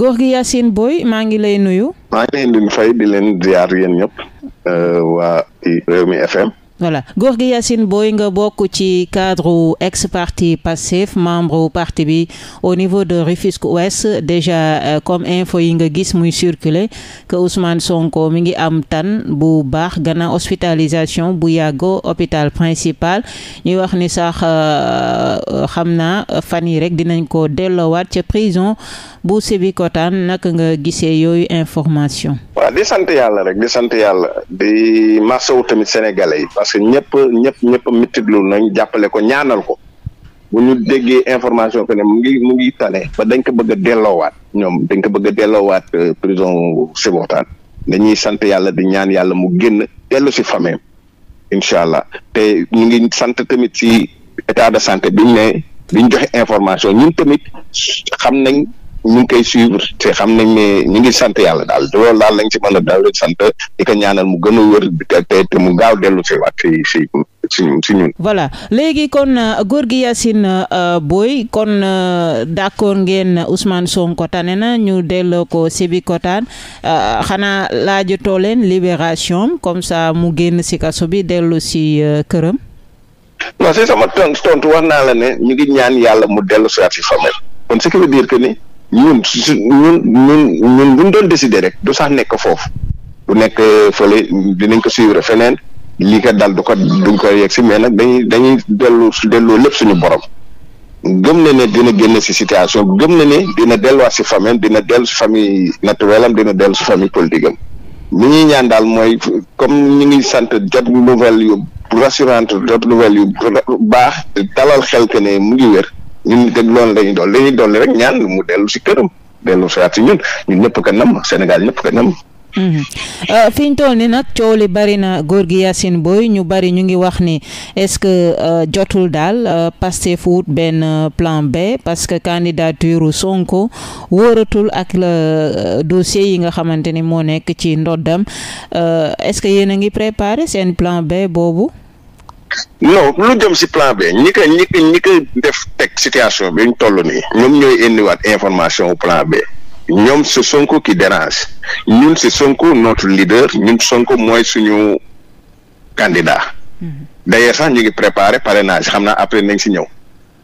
Gorgui Yacine booy maa ngi lay nuyu. maa ngi leen di fay di leen ziar yéen ñëpp euh, waa Rewmi FM. voilà Gorgui Yacine Boye nga bokk ci cadre ex parti Pastef membre parti bi au niveau de Rufisque Ouest déjà euh, comme info yi nga gis muy circuler que Ousmane Sonko mi ngi am tan bu baax gannaaw hospitalisation bu yàggo hôpital principal ñuy wax ni sax euh, xam naa fan yi rek dinañ ko delloowaat ca prison bu Sébikotane naka nga gisee yooyu information. di sant yàlla di sant yàlla di parce que ñëpp ñëpp ñëpp mettitlu nañ jàppale ko ñaanal ko bu ñu déggee information que ne mu ngi mu ngi tane ba dañ ko bëgg a delloowaat ñoom dañ ko bëgg a delloowaat euh, prison Sébikotane dañuy sant yàlla di ñaan yàlla mu génn dellu si famille incha allah te ñu ngi sant tamit si état de santé biñ ne biñ joxe information ñun tamit xam nañ. ñu ngi suivre te xam nañ ne ñu ngi sant yàlla daal loolu daal lañ ci mën a daal sant di ko ñaanal mu gën a wër te mu gaaw dellu si waat si si si si ñun. voilà léegi kon euh, Gorgui Yacine euh, Boye kon euh, d'accord ngeen Ousmane Sonko tane na ñu delloo ko Sébikotane xanaa laajatoo leen liberation comme ça mu génn si kaso bi dellu si këram. non si sama tontu tontu wax naa la ne ñu ngi ñaan yàlla mu dellu si waat si famille kon ce qui veut dire que ni. ñun su ñun ñun doon décider rek du sax nekk foofu du nekk fële dinañ ko suivre feneen lii ko dal du ko duñ ko yegg si mais nag dañuy dañuy dellu delloo lépp suñu borom gëm na ne dina génn si situation gëm na ne dina delluwaat si famille dina dellu si famille naturelle am dina dellu si famille politique mu li ñuy ñaan daal mooy comme ñu ngi sant jot nouvelle yu rassurante jot nouvelle yu baax dalal xel que ne mu ngi wér ñun ñu teg loolu lañuy dool lañuy ñaan mu dellu si këram dellu si si ñun ñun ñëpp ka nam Sénégal ñëpp ka nam mhm. euh, fi toll ni nag coow li bari na góor gi Yacine Boye ñu bari ñu ngi wax ni est-ce que euh, jotul daal euh, Pastef wut benn plan B parce que candidature Sonko wóoratul ak le dossier yi nga xamante ni moo nekk ci ndoddam est-ce que yéen a ngi préparé seen plan B boobu non lu jëm si plan B ñi ko ñi ko def teg situation bi ñu toll nii ñoom ñooy indiwaat information au plan B ñoom c'est Sonko ki dérange ñun si Sonko notre leader ñun Sonko mooy suñu candidat mhm. d'ailleurs sax ñu ngi préparé parrainage xam naa après nañ si ñëw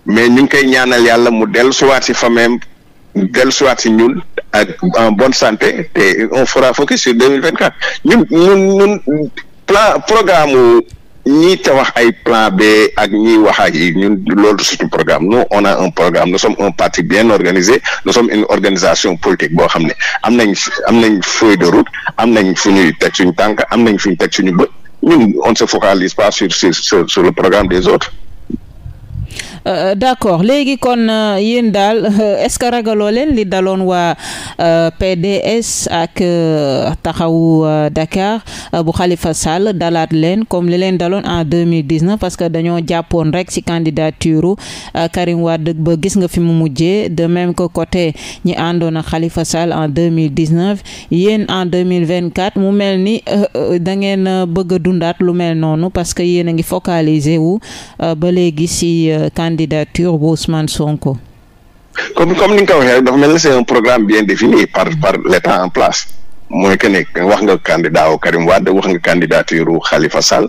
mais ñu ngi koy ñaanal yàlla mu dellusiwaat si fameem dellusiwaat si ñun ak en bonne santé te on fera focus sur deux mille vingt quatre ñun ñun plan programme ñiy tawax ay plan B ak ñiy wax ak yi ñun loolu suñu programme nous on a un programme nous sommes un parti bien organisé nous sommes une organisation politique boo xam ne am nañ am nañ feuille de route am nañ fu ñuy teg suñu tànk am nañ fu ñu teg suñu bët ñun on se focalise pas sur sur sur le programme des autres Euh, d'accord léegi kon euh, yéen daal euh, est-ce que ragaloo leen li daloon waa PDS ak taxawu Dakar bu Khalifa Sall dalaat leen comme li leen daloon en 2019 parce que dañoo jàppoon rek ci candidature Karim Wade ba gis nga fi mu mujjee de même que côté ñi àndoon ak Khalifa Sall en 2019 yéen en 2024 mu mel ni da ngeen bëgg dundaat lu mel noonu parce que yéen a ngi focaliser wu ba léegi ci candidature bu Ousmane Sonko. comme comme ni nga ko waxee rek dafa mel ni c'est un programme bien défini par par l'État en place mooy que ne wax nga candidat wu Karim Wade wax nga candidature wu Khalifa Sall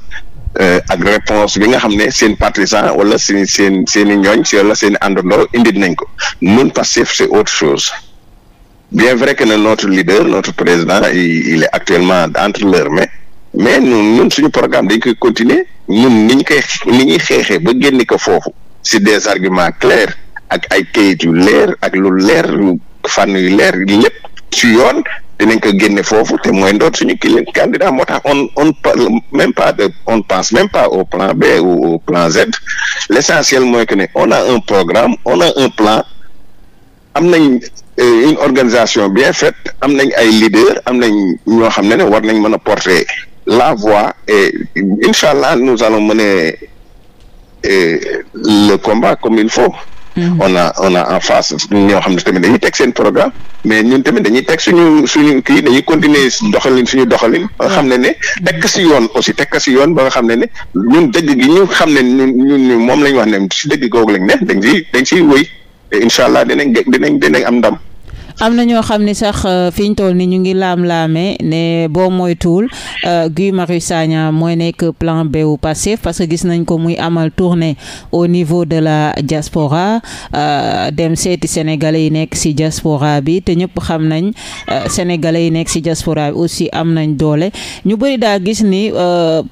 euh, ak réponse bi nga xam ne seen partisan wala seen seen seen i ñooñ seen i indil nañ ko non passif c'est autre chose bien vrai que notre leader notre président il, il est actuellement entre leurs mains mais ñun ñun suñu programme dañ ko continuer ñun ni ñu koy ni ñuy xeexee ba génn ko foofu. si des arguments clairs ak ay kayit yu leer ak lu leer lu fànn yu leer lépp ci yoon dinañ ko génne foofu te mooy ndoot suñu kii candidat moo tax on on parle même pas de on pense même pas au plan B ou au plan Z l' mooy que ne on a un programme on a un plan am nañ euh, une organisation bien fait am nañ ay leaders am nañ ñoo xam ne ne war nañ mën a porter la voix e incha allah nous allons et le combat comme il faut. Mm -hmm. a on en face ñoo xam ne tamit dañuy teg seen programme mais ñun tamit dañuy teg suñu suñu kii dañuy continuer doxalin suñu doxalin ba xam ne ne tekk si yoon aussi tekk si yoon ba nga xam ne ne ñun dëgg gi ñu xam ne ñun ñu moom la ñu wax ne si dëgg googu lañ ne dañ si dañ siy wéy incha allah dinañ dinañ dinañ am ndam. am na ñoo xam ni sax euh, fi ñu toll ni ñu ngi laam-laamee ne boo moytuwul euh, Guy Marius Sagna mooy nekk plan B wu Pastef parce que gis nañ ko muy amal tournée au niveau de la diaspora euh, dem seeti sénégalais yi nekk ci diaspora bi te ñëpp xam nañ sénégalais yi nekk ci diaspora bi aussi am nañ doole ñu bëri daa gis ni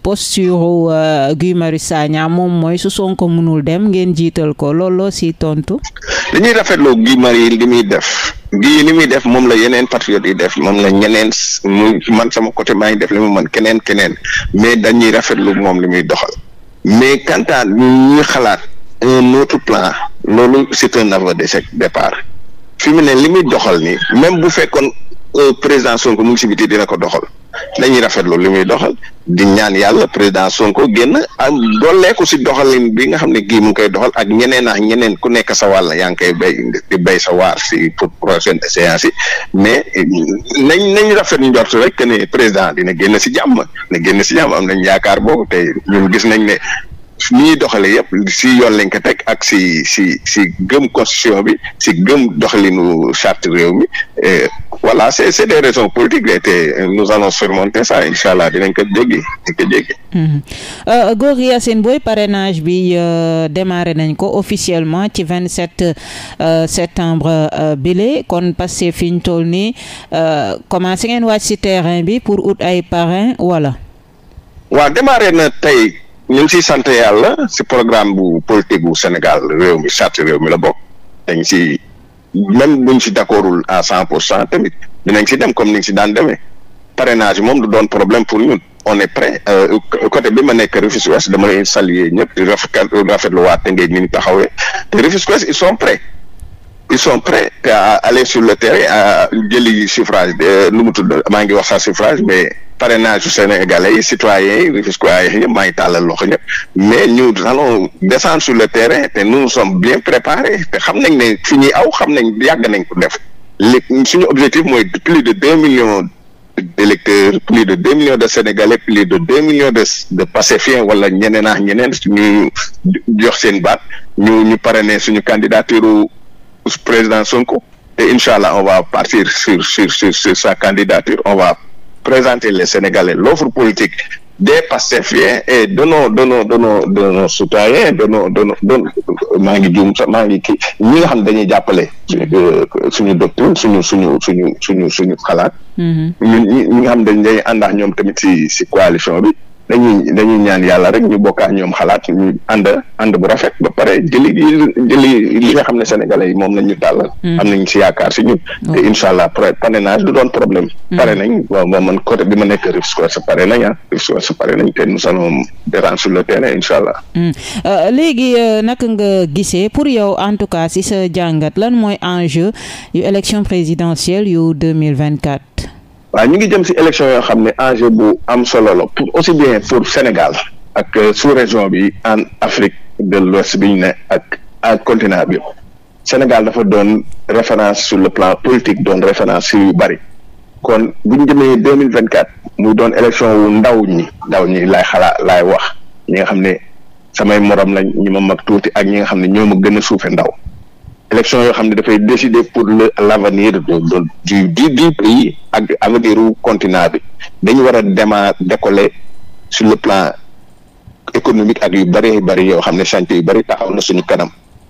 posture Guy Marius Sagna moom mooy su Sonko mënul dem ngeen jiital ko looloo si tontu dañuy rafetloo Guy Marius li muy def Guy li muy def moom la yeneen patriote yi def moom la ñeneen man sama côté maa ngi def li mu man keneen keneen mais dañuy rafetlu moom li muy doxal mais quant à ñuy xalaat un autre plan loolu c'est un aveu d'échec départ fi mu ne li muy doxal nii même bu fekkoon euh, président ko mu ngi dina ko doxal dañuy rafetlu li muy doxal di ñaan yàlla président Sonko génn am dooleeku si doxalin bi nga xam ne kii mu ngi koy doxal ak ñeneen ak ñeneen ku nek sa wàll yaa ngi koy béy di sa waar si pour prochaine séance si mais nañ nañ rafet njort rek que ne président dina génn si jàmm na génn si jàmm am nañ yaakaar boobu te ñun gis nañ ne ni ñuy doxale yëpp si yoon lañ ko teg ak si si si gëm constitution bi si gëm doxalinu charte réew mi et voilà c'est c'est des raisons politiques et nous allons surmonter ça incha allah dinañ ko jéggi dinañ ko jéggi. Mm-hmm. Euh, Gorgui Yacine Boye parrainage bi euh, démarré nañ ko officiellement ci vingt sept euh, septembre bile kon passé fi ñu toll nii commencé ngeen wàcc si terrain bi pour ut ay parrain wala. waaw démarré na tey. ñu ngi siy sant yàlla si programme bu politique bu Sénégal réew mi charte réew mi la bokk dañ si même buñ si d'accordul à cent pour cent tamit dinañ si dem comme ni nga si daan demee parrainage moom du doon problème pour ñun on est prêt euh, côté bi ma nekk Rufisque Ouest dama lay saluer ñëpp di rafetlu waa Tëngéej ni ñu taxawee te Rufisque Ouest ils sont prêts ils sont prêts à aller sur le terrain à jëli suffrage euh, nu mu tudd maa ngi wax sa suffrage mais pare naa yi citoyens yi rufisquois yi ñëpp maa ngi tàllal loxo ñëpp mais ñu allons descendre sur le terrain te nu sommes bien préparés te xam nañ ne fi ñuy aw xam nañ yàgg nañ ko def léegi suñu objectif mooy plus de deux millions d'électeurs plus de deux millions de sénégalais plus de deux millions de de pacifiens wala ñeneen ak ñeneen ñu jox seen baat ñu ñu ne suñu candidature président Sonko te incha allah on va partir sur sur sur sur sa candidature on va présenter les Sénégalais l'offre politique des fien et de no de no de nos de nos citoyens de nos de nos de maa ngi juum sax maa ngi kii ñi nga xam ne dañuy jàppale euh, suñu doctrine suñu suñu suñu suñu suñu xalaat mm-hmm. ñun ñi nga xam dañ dañuy ànd ak ñoom tamit si si coalition bi dañuy dañuy ñaan yàlla rek ñu bokkaa ñoom xalaat ñu ànd ànd bu rafet ba pare jëli jëli li nga xam ne sénégalais yi moom la ñu tàllal hmm. am nañ si yaakaar si ñun hmm. te incha allah parrainage du doon problème hmm. pare nañ waaw moom man côté bi ma nekk Rive Square sa pare nañ ah Rive Square sa pare nañ te nous allons déranger sur le terrain incha allah euh, léegi euh, naka nga gisee pour yow en si sa jàngat lan mooy enjeu yu élection présidentielle yu 2024 waaw ñu ngi jëm si élection yoo xam ne enjeu bu am solo la pour aussi bien pour Sénégal ak euh, sous-région bi en Afrique de l'Ouest bi ñu ne ak ak continent bi Sénégal dafa doon référence sur le plan politique doon référence si yu bëri kon bu ñu jëmee deux mille vingt quatre muy doon élection wu ndaw ñi ndaw ñi laay xalaat laay wax ñi nga xam ne samay morom lañ ñu ma mag tuuti ak ñi nga xam ne ñoo ma gën a suufe ndaw élection yoo xam ne dafay décider pour le l' avenir de du du du pays ak avenir u continent bi dañu war a dema décoller sur le plan économique ak yu bëri yu bëri yoo xam ne chantier yu bëri taxaw na suñu kanam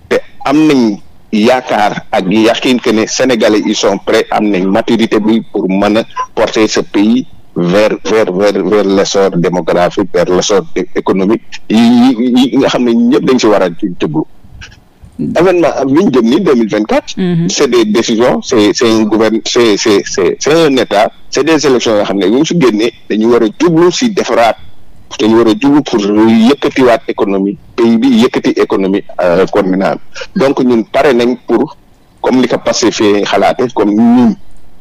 te am nañ yaakaar ak yaqiin que ne sénégalais ils sont prêts am nañ maturité bi pour mën a porter ce pays vers vers vers vers l'essor démographique vers l'essor économique yi yi nga xam ne ñëpp dañ si war a jublu événement am ñu jëm ni deux mille vingt quatre mhm. c' est des décisions c' est c' est un gouverne c' est c' yoo xam ne bu ñu si génnee dañu war a jublu si defaraat dañu war a jublu pour yëkkatiwaat économie pays bi yëkkati économie euh, corminal donc ñun pare nañ pour comme li ko passé fee xalaate comme ñun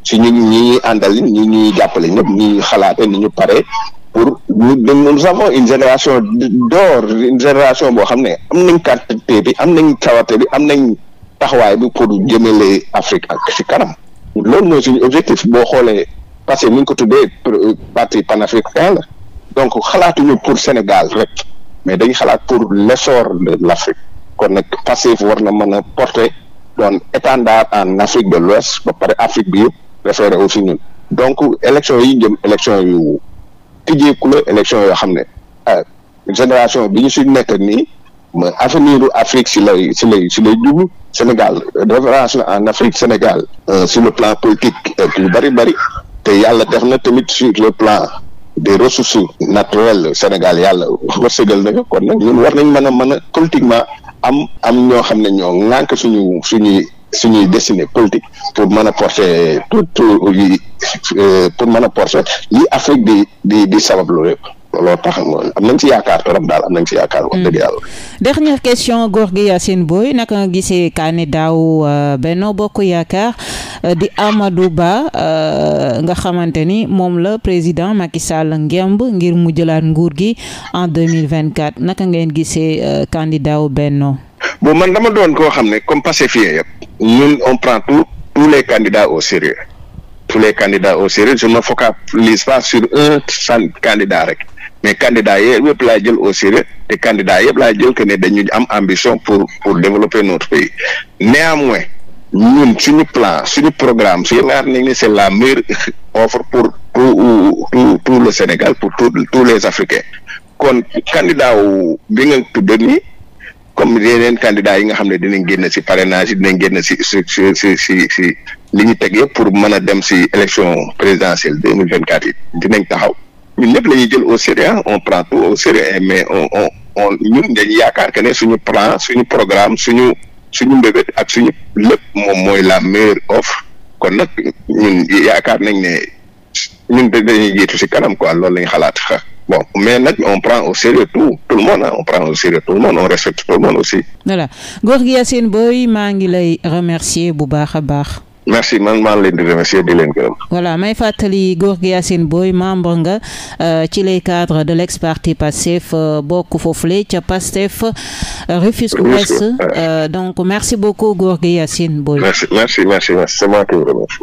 si ñu ñi ñuy àndal ñi ñuy jàppale ñëpp ñi xalaate ni ñu pare nous avons une génération d'or une génération boo xam ne am nañ quantité bi am nañ cawarte bi am nañ taxawaay bi pour jëmale Afrique ak ci kanam loolu mooy suñu objectif boo xoolee parce que ni ñu ko tuddee euh, parti panafricain la donc xalaatuñu pour Sénégal rek mais dañu xalaat pour l'essor de l'Afrique kon nag Pastef war na mën a porter doon étendard en Afrique de l'Ouest ba pare Afrique bi yëpp référé aussi ñun donc élection yi jëm élection yu tijjeeku la élection yoo xam ne ah génération bi ñu si nekk nii ma avenir Afrique si lay si lay si lay jublu Sénégal référence na en Afrique Sénégal euh, sur le plan politique ak bari bëri te yàlla def na tamit sur le plan des ressources naturelles Sénégal yàlla wërsëgal na ko kon nag ñun war nañ mën a mën a politiquement am am ñoo xam ne ñoo ŋànk suñu suñuy suñuy destinée politique pour mën a porter euh, a porter li Afrique di di di sabablu loolu tax am nañ ci yaakaar trop daal am nañ ci yaakaar wax dëgg mm. yàlla. question gox Yacine Boye naka nga gisee candidat wu euh, Benno Bokk Yaakaar euh, di Amadou Ba nga xamante ni moom la président Macky Sall ngemb ngir mu jëlaat nguur gi en deux mille vingt quatre naka ngeen gise candidat wu Benno. bon man dama doon koo xam ne comme pacifier yëpp. ñun on prend tout tous les candidats au sérieux tous les candidats au sérieux je me focalise pas sur un seul candidat rek mais candidat yëpp laa jël au sérieux te candidat yëpp laa jël que ne dañu am ambition pour pour développer notre pays néanmoins ñun suñu plan suñu programme suñu yaakaar nañ la meilleure offre pour tout tout tout le Sénégal pour tous tous les Africains kon candidat wu bi nga tudd comme yeneen candidats yi nga xam ne dinañ génn ci parrainage yi dinañ génn ci si ci ci ci li ñu teg yëpp pour mën a dem ci élection présidentielle deux mille vingt quatre yi dinañ taxaw ñun ñëpp la ñuy jël au sérieux on prend tout au sérieux mais on on on ñun dañuy yaakaar que ne suñu plan suñu programme suñu suñu mbébét ak suñu lépp moom mooy la meilleure offre kon nag ñun yaakaar nañ ne ñun dañuy jiitu ci kanam quoi loolu lañ xalaat bon mais nag on prend au sérieux tout tout le monde on prend au sérieux tout le monde on respecte tout le monde aussi. Gorgui Yacine Boye maa ngi lay remercier bu baax a baax. merci man maa ngi leen di remercier di leen gërëm. voilà may fàttali Gorgui Yacine Boye membre nga euh, ci les cadre de l'ex parti Pastef euh, bokk foofule ca Pastef euh, Rufisque Ouest donc merci beaucoup Gorgui Yacine Boye. merci merci merci c'est moi qui vous remercie.